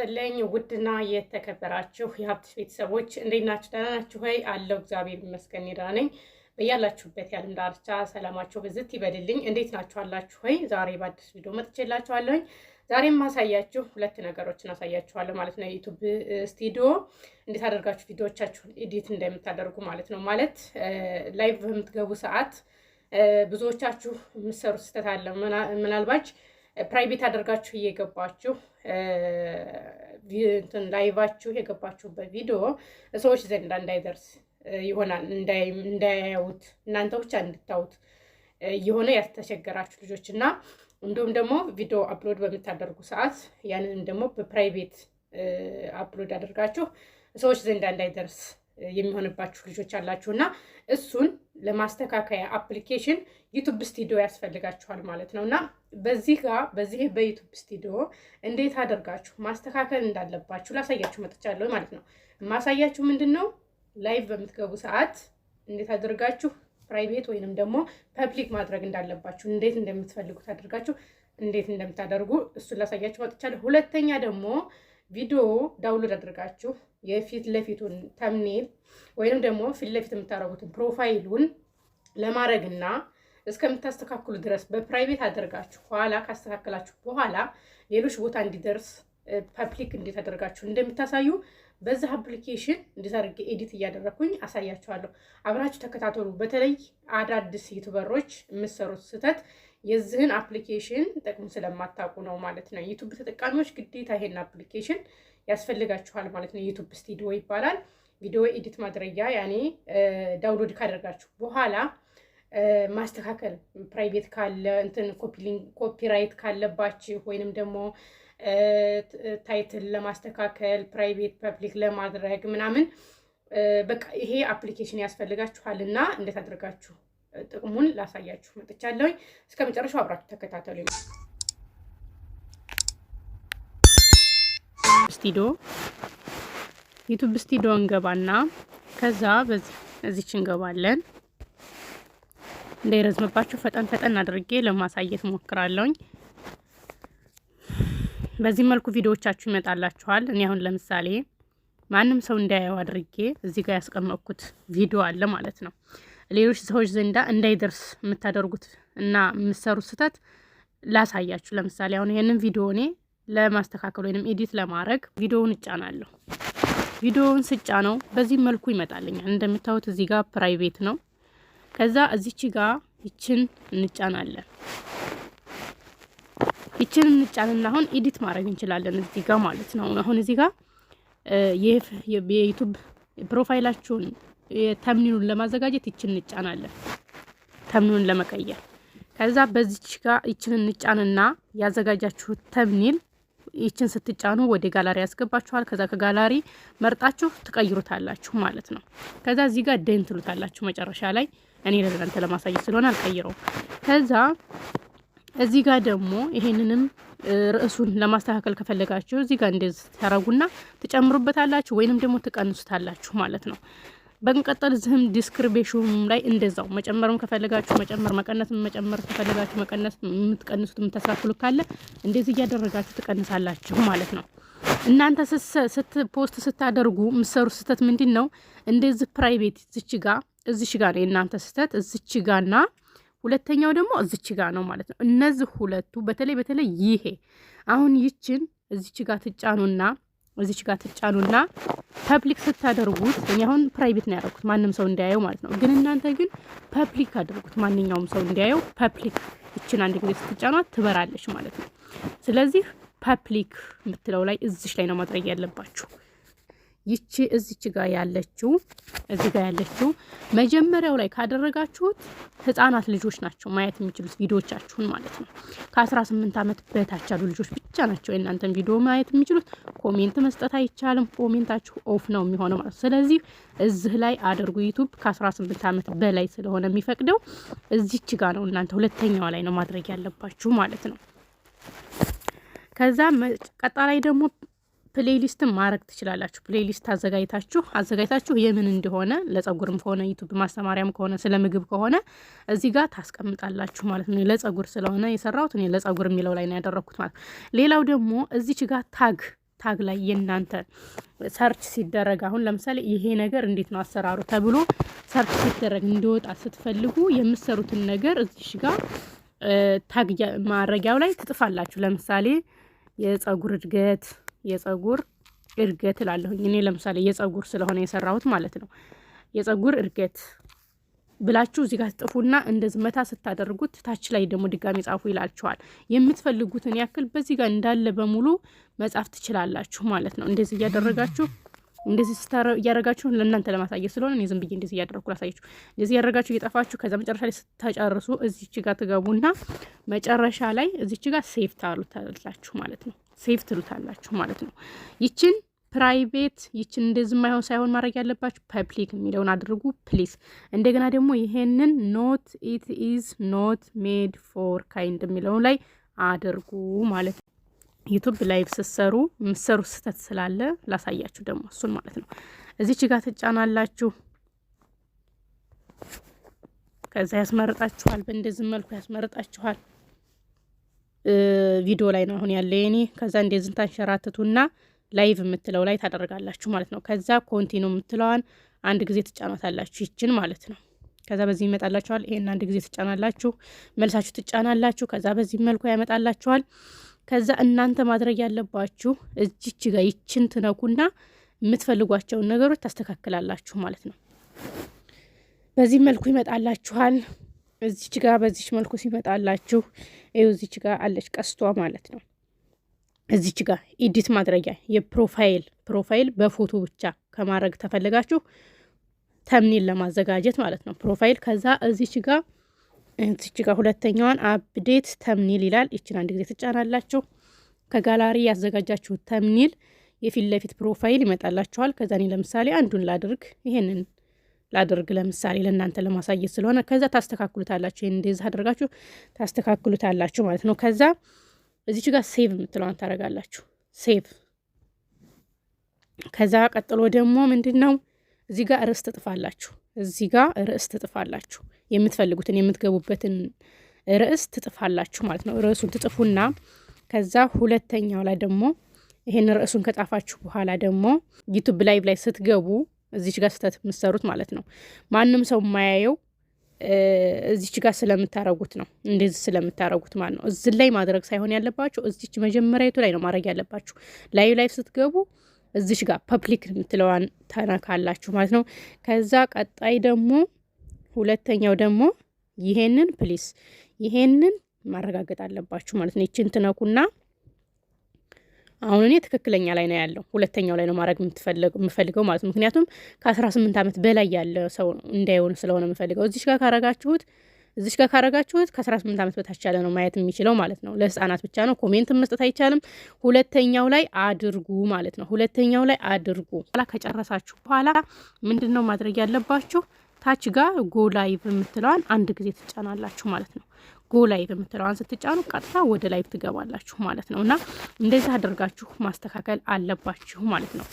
ይስጥልኝ ውድና የተከበራችሁ የሀብትሽ ቤተሰቦች እንዴት ናችሁ? ደህና ናችሁ ወይ? አለው እግዚአብሔር ይመስገን ደህና ነኝ። በያላችሁበት የዓለም ዳርቻ ሰላማችሁ ብዝት ይበልልኝ። እንዴት ናችሁ? አላችሁ ወይ? ዛሬ በአዲስ ቪዲዮ መጥቼላችኋለሁኝ። ዛሬ ማሳያችሁ ሁለት ነገሮችን አሳያችኋለሁ ማለት ነው። ዩቱብ ስቱዲዮ እንዴት አደርጋችሁ ቪዲዮቻችሁን ኤዲት እንደምታደርጉ ማለት ነው። ማለት ላይቭ በምትገቡ ሰዓት ብዙዎቻችሁ የምትሰሩት ስህተት አለ ምናልባች ፕራይቬት አድርጋችሁ እየገባችሁ እንትን ላይቫችሁ የገባችሁበት ቪዲዮ ሰዎች ዘንድ እንዳይደርስ ይሆናል እንዳያዩት እናንተ ብቻ እንድታዩት የሆነ ያስተቸገራችሁ ልጆች እና እንዲሁም ደግሞ ቪዲዮ አፕሎድ በምታደርጉ ሰዓት ያንንም ደግሞ በፕራይቬት አፕሎድ አድርጋችሁ ሰዎች ዘንድ እንዳይደርስ የሚሆንባችሁ ልጆች አላችሁ እና እሱን ለማስተካከያ አፕሊኬሽን ዩቱብ ስቱዲዮ ያስፈልጋችኋል ማለት ነው እና በዚህ ጋር በዚህ በዩቱብ ስቱዲዮ እንዴት አደርጋችሁ ማስተካከል እንዳለባችሁ ላሳያችሁ መጥቻለሁ ማለት ነው። ማሳያችሁ ምንድን ነው ላይቭ በምትገቡ ሰዓት እንዴት አድርጋችሁ ፕራይቬት ወይንም ደግሞ ፐብሊክ ማድረግ እንዳለባችሁ እንዴት እንደምትፈልጉት አድርጋችሁ እንዴት እንደምታደርጉ እሱን ላሳያችሁ መጥቻለሁ። ሁለተኛ ደግሞ ቪዲዮ ዳውንሎድ አድርጋችሁ የፊት ለፊቱን ተምኔል ወይም ደግሞ ፊት ለፊት የምታደርጉትን ፕሮፋይሉን ለማድረግና እስከምታስተካክሉ ድረስ በፕራይቬት አደርጋችሁ ኋላ ካስተካከላችሁ በኋላ ሌሎች ቦታ እንዲደርስ ፐብሊክ እንዴት አደርጋችሁ እንደምታሳዩ በዛ አፕሊኬሽን እንዴት ኤዲት እያደረግኩኝ አሳያችኋለሁ። አብራችሁ ተከታተሉ። በተለይ አዳዲስ ዩቱበሮች የምሰሩት ስህተት የዚህን አፕሊኬሽን ጥቅም ስለማታውቁ ነው ማለት ነው። ዩቱብ ተጠቃሚዎች ግዴታ ይሄን አፕሊኬሽን ያስፈልጋችኋል ማለት ነው። የዩቱብ ስቱዲዮ ይባላል። ቪዲዮ ኤዲት ማድረጊያ ያኔ ዳውንሎድ ካደርጋችሁ በኋላ ማስተካከል ፕራይቬት ካለ እንትን ኮፒራይት ካለባችሁ ወይንም ደግሞ ታይትል ለማስተካከል ፕራይቬት ፐብሊክ ለማድረግ ምናምን በቃ ይሄ አፕሊኬሽን ያስፈልጋችኋል እና እንዴት አድርጋችሁ ጥቅሙን ላሳያችሁ መጥቻለሁኝ። እስከ መጨረሻው አብራችሁ ተከታተሉ። ስቲዶ ዩቱብ ስቲዶ እንገባና ከዛ እዚች እንገባለን። እንዳይረዝምባችሁ ፈጠን ፈጠን አድርጌ ለማሳየት ሞክራለሁኝ። በዚህ መልኩ ቪዲዮዎቻችሁ ይመጣላችኋል። እኔ አሁን ለምሳሌ ማንም ሰው እንዳያየው አድርጌ እዚህ ጋር ያስቀመጥኩት ቪዲዮ አለ ማለት ነው። ሌሎች ሰዎች ዘንዳ እንዳይደርስ የምታደርጉት እና የምትሰሩት ስህተት ላሳያችሁ። ለምሳሌ አሁን ይሄንን ቪዲዮ እኔ ለማስተካከል ወይም ኤዲት ለማድረግ ቪዲዮውን እጫናለሁ። ቪዲዮውን ስጫነው በዚህ መልኩ ይመጣልኛል። እንደምታዩት እዚህ ጋር ፕራይቬት ነው። ከዛ እዚች ጋር ይችን እንጫናለን። ይችን እንጫንና አሁን ኤዲት ማድረግ እንችላለን እዚህ ጋር ማለት ነው። አሁን እዚህ ጋር የዩቱብ ፕሮፋይላችሁን ተምኒኑን ለማዘጋጀት ይችን እንጫናለን። ተምኒኑን ለመቀየር ከዛ በዚች ጋር ይችን እንጫንና ያዘጋጃችሁት ተምኒል ይችን ስትጫኑ ወደ ጋላሪ ያስገባችኋል። ከዛ ከጋላሪ መርጣችሁ ትቀይሩታላችሁ ማለት ነው። ከዛ እዚህ ጋር ደን ትሉታላችሁ መጨረሻ ላይ እኔ ለእናንተ ለማሳየት ስለሆነ አልቀይረው። ከዛ እዚህ ጋር ደግሞ ይሄንንም ርዕሱን ለማስተካከል ከፈለጋችሁ እዚህ ጋር እንደዚህ ታረጉና ትጨምሩበታላችሁ ወይንም ደግሞ ትቀንሱታላችሁ ማለት ነው። በመቀጠል እዚህም ዲስክሪቤሽኑም ላይ እንደዛው መጨመርም ከፈለጋችሁ መጨመር፣ መቀነስ መጨመር ከፈለጋችሁ መቀነስ፣ የምትቀንሱት የምታስተካክሉት ካለ እንደዚህ እያደረጋችሁ ትቀንሳላችሁ ማለት ነው። እናንተ ስት ስታደርጉ የምትሰሩት ስህተት ምንድን ነው? እንደዚህ ፕራይቬት ዝች ጋ እዚች ጋ ነው የእናንተ ስህተት እዚች ጋ ና ሁለተኛው ደግሞ እዚች ጋ ነው ማለት ነው። እነዚህ ሁለቱ በተለይ በተለይ ይሄ አሁን ይችን እዚች ጋ ትጫኑና እዚች ጋር ትጫኑና ፐብሊክ ስታደርጉት እኔ አሁን ፕራይቬት ነው ያደረኩት ማንም ሰው እንዲያየው ማለት ነው። ግን እናንተ ግን ፐብሊክ አድርጉት ማንኛውም ሰው እንዲያየው ፐብሊክ። እችን አንድ ጊዜ ስትጫኗት ትበራለች ማለት ነው። ስለዚህ ፐብሊክ የምትለው ላይ እዚች ላይ ነው ማድረግ ያለባችሁ። ይቺ እዚች ጋር ያለችው እዚህ ጋር ያለችው መጀመሪያው ላይ ካደረጋችሁት ህጻናት ልጆች ናቸው ማየት የሚችሉት ቪዲዮቻችሁን ማለት ነው። ከ18 ዓመት በታች ያሉ ልጆች ብቻ ናቸው የእናንተን ቪዲዮ ማየት የሚችሉት። ኮሜንት መስጠት አይቻልም። ኮሜንታችሁ ኦፍ ነው የሚሆነው ማለት ነው። ስለዚህ እዚህ ላይ አድርጉ። ዩቱብ ከ18 ዓመት በላይ ስለሆነ የሚፈቅደው እዚች ጋር ነው። እናንተ ሁለተኛዋ ላይ ነው ማድረግ ያለባችሁ ማለት ነው። ከዛ ቀጣ ላይ ደግሞ ፕሌሊስትን ማድረግ ትችላላችሁ። ፕሌሊስት አዘጋጅታችሁ አዘጋጅታችሁ የምን እንደሆነ ለጸጉርም ከሆነ ዩቱብ ማስተማሪያም ከሆነ ስለ ምግብ ከሆነ እዚህ ጋር ታስቀምጣላችሁ ማለት ነው። ለጸጉር ስለሆነ የሰራሁት እኔ ለጸጉር የሚለው ላይ ነው ያደረግኩት ማለት ነው። ሌላው ደግሞ እዚች ጋር ታግ ታግ ላይ የእናንተ ሰርች ሲደረግ አሁን ለምሳሌ ይሄ ነገር እንዴት ነው አሰራሩ ተብሎ ሰርች ሲደረግ እንዲወጣ ስትፈልጉ የምትሰሩትን ነገር እዚሽ ጋር ታግ ማድረጊያው ላይ ትጥፋላችሁ። ለምሳሌ የጸጉር እድገት የጸጉር እድገት እላለሁኝ። እኔ ለምሳሌ የጸጉር ስለሆነ የሰራሁት ማለት ነው። የጸጉር እድገት ብላችሁ እዚህ ጋር ትጥፉና እንደ ዝመታ ስታደርጉት ታች ላይ ደግሞ ድጋሚ ጻፉ ይላችኋል። የምትፈልጉትን ያክል በዚህ ጋር እንዳለ በሙሉ መጻፍ ትችላላችሁ ማለት ነው። እንደዚህ እያደረጋችሁ እንደዚህ እያደረጋችሁ ለእናንተ ለማሳየት ስለሆነ እኔ ዝም ብዬ እንደዚህ እያደረግኩ ላሳየችሁ። እንደዚህ እያደረጋችሁ እየጠፋችሁ ከዛ መጨረሻ ላይ ስታጨርሱ እዚች ጋር ትገቡና መጨረሻ ላይ እዚች ጋር ሴፍ ታሉታላችሁ ማለት ነው። ሴቭ ትሉታላችሁ ማለት ነው። ይችን ፕራይቬት ይችን እንደዚህ የማይሆን ሳይሆን ማድረግ ያለባችሁ ፐብሊክ የሚለውን አድርጉ ፕሊስ እንደገና ደግሞ ይሄንን ኖት ኢት ኢዝ ኖት ሜድ ፎር ካይንድ የሚለውን ላይ አድርጉ ማለት ነው። ዩቱብ ላይቭ ስትሰሩ የምትሰሩ ስህተት ስላለ ላሳያችሁ ደግሞ እሱን ማለት ነው። እዚች ጋር ትጫናላችሁ። ከዛ ያስመርጣችኋል። በእንደዚህ መልኩ ያስመርጣችኋል። ቪዲዮ ላይ ነው አሁን ያለ የኔ። ከዛ እንደዚህ ታንሸራትቱና ላይቭ የምትለው ላይ ታደርጋላችሁ ማለት ነው። ከዛ ኮንቲኑ የምትለዋን አንድ ጊዜ ትጫናታላችሁ፣ ይችን ማለት ነው። ከዛ በዚህ ይመጣላችኋል። ይሄን አንድ ጊዜ ትጫናላችሁ፣ መልሳችሁ ትጫናላችሁ። ከዛ በዚህ መልኩ ያመጣላችኋል። ከዛ እናንተ ማድረግ ያለባችሁ እዚች ጋር ይችን ትነኩና የምትፈልጓቸውን ነገሮች ታስተካክላላችሁ ማለት ነው። በዚህ መልኩ ይመጣላችኋል። እዚች ጋር በዚች መልኩ ሲመጣላችሁ ይኸው እዚች ጋር አለች ቀስቷ ማለት ነው። እዚች ጋር ኢዲት ማድረጊያ የፕሮፋይል ፕሮፋይል በፎቶ ብቻ ከማድረግ ተፈልጋችሁ ተምኒል ለማዘጋጀት ማለት ነው ፕሮፋይል። ከዛ እዚች ጋር እዚች ጋር ሁለተኛዋን አፕዴት ተምኒል ይላል። ይችን አንድ ጊዜ ትጫናላችሁ። ከጋላሪ ያዘጋጃችሁት ተምኒል የፊት ለፊት ፕሮፋይል ይመጣላችኋል። ከዛ እኔ ለምሳሌ አንዱን ላድርግ ይሄንን ላድርግ ለምሳሌ ለእናንተ ለማሳየት ስለሆነ ከዛ ታስተካክሉታላችሁ። ይህን እንደዚህ አድርጋችሁ ታስተካክሉታላችሁ ማለት ነው። ከዛ እዚች ጋር ሴቭ የምትለዋን ታደርጋላችሁ። ሴቭ ከዛ ቀጥሎ ደግሞ ምንድን ነው እዚህ ጋር ርዕስ ትጥፋላችሁ። እዚህ ጋር ርዕስ ትጥፋላችሁ። የምትፈልጉትን የምትገቡበትን ርዕስ ትጥፋላችሁ ማለት ነው። ርዕሱን ትጥፉና ከዛ ሁለተኛው ላይ ደግሞ ይሄን ርዕሱን ከጻፋችሁ በኋላ ደግሞ ዩቱብ ላይቭ ላይ ስትገቡ እዚች ጋር ስህተት የምትሰሩት ማለት ነው። ማንም ሰው የማያየው እዚች ጋር ስለምታረጉት ነው። እንደዚህ ስለምታረጉት ማለት ነው። እዚህ ላይ ማድረግ ሳይሆን ያለባችሁ እዚች መጀመሪያቱ ላይ ነው ማድረግ ያለባችሁ። ላዩ ላይ ስትገቡ እዚች ጋር ፐብሊክ የምትለዋን ተነካላችሁ ማለት ነው። ከዛ ቀጣይ ደግሞ ሁለተኛው ደግሞ ይሄንን ፕሊስ ይሄንን ማረጋገጥ አለባችሁ ማለት ነው። ይችን ትነኩና አሁን እኔ ትክክለኛ ላይ ነው ያለው፣ ሁለተኛው ላይ ነው ማድረግ የምፈልገው ማለት ነው። ምክንያቱም ከአስራ ስምንት ዓመት በላይ ያለ ሰው እንዳይሆን ስለሆነ የምፈልገው እዚሽ ጋር ካረጋችሁት እዚሽ ጋር ካረጋችሁት ከአስራ ስምንት ዓመት በታች ያለ ነው ማየት የሚችለው ማለት ነው። ለህፃናት ብቻ ነው። ኮሜንት መስጠት አይቻልም። ሁለተኛው ላይ አድርጉ ማለት ነው። ሁለተኛው ላይ አድርጉ። ኋላ ከጨረሳችሁ በኋላ ምንድን ነው ማድረግ ያለባችሁ? ታች ጋር ጎ ላይቭ የምትለዋን አንድ ጊዜ ትጫናላችሁ ማለት ነው። ጎ ላይቭ የምትለዋን ስትጫኑ ቀጥታ ወደ ላይቭ ትገባላችሁ ማለት ነው እና እንደዚህ አድርጋችሁ ማስተካከል አለባችሁ ማለት ነው።